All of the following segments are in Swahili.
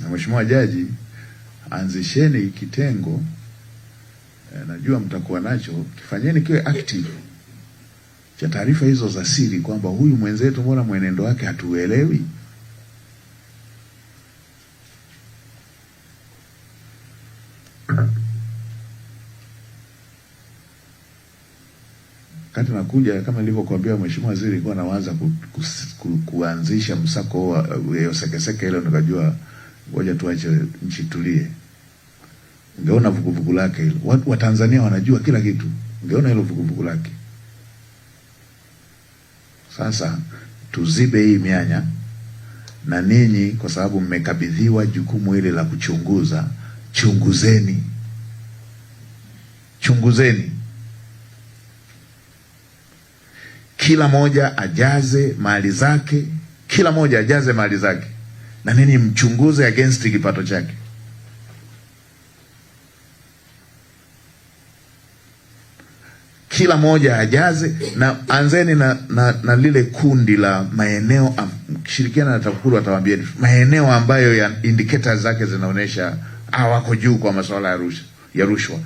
na Mheshimiwa Jaji, anzisheni kitengo eh, najua mtakuwa nacho, kifanyeni kiwe active cha taarifa hizo za siri, kwamba huyu mwenzetu, mbona mwenendo wake hatuelewi kati nakuja kama nilivyokuambia Mheshimiwa Waziri, nilikuwa nawaza ku, ku, ku, kuanzisha msako wa hiyo sekeseke, nikajua ngoja tuache nchi tulie. Ungeona vuguvugu lake hilo, watu wa Tanzania wanajua kila kitu, ungeona hilo vuguvugu lake. Sasa tuzibe hii mianya, na ninyi kwa sababu mmekabidhiwa jukumu hili la kuchunguza, chunguzeni, chunguzeni kila moja ajaze mali zake, kila moja ajaze mali zake na nini mchunguze against kipato chake. Kila moja ajaze na anzeni na, na, na lile kundi la maeneo mkishirikiana na TAKUKURU atawaambieni maeneo ambayo ya indicators zake zinaonyesha wako juu kwa masuala ya rushwa ya rushwa.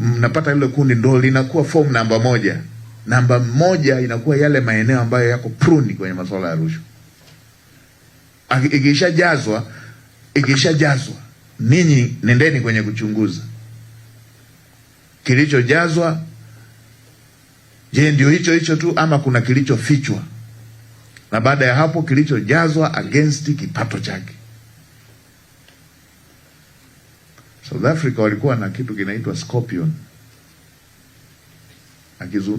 Mnapata lile kundi ndo linakuwa form namba moja. Namba moja inakuwa yale maeneo ambayo yako pruni kwenye masuala ya rushwa ikishajazwa ikishajazwa, ninyi nendeni kwenye kuchunguza kilichojazwa. Je, ndio hicho hicho tu ama kuna kilichofichwa? Na baada ya hapo kilichojazwa against kipato chake. South Africa walikuwa na kitu kinaitwa Scorpion.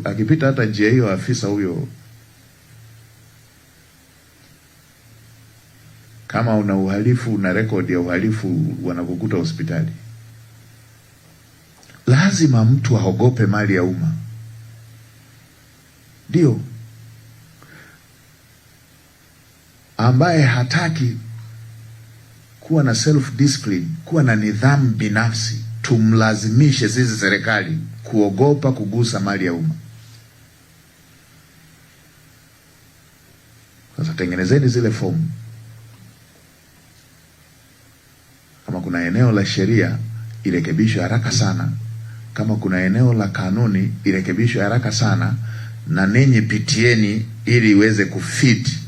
Akipita hata njia hiyo afisa huyo kama una uhalifu na rekodi ya uhalifu wanakukuta hospitali. Lazima mtu aogope mali ya umma, ndio ambaye hataki kuwa na self discipline, kuwa na nidhamu binafsi. Tumlazimishe sisi serikali kuogopa kugusa mali ya umma. Sasa tengenezeni zile fomu kuna eneo la sheria irekebishwe haraka sana, kama kuna eneo la kanuni irekebishwe haraka sana, na ninyi pitieni ili iweze kufiti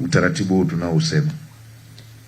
utaratibu huu tunaousema.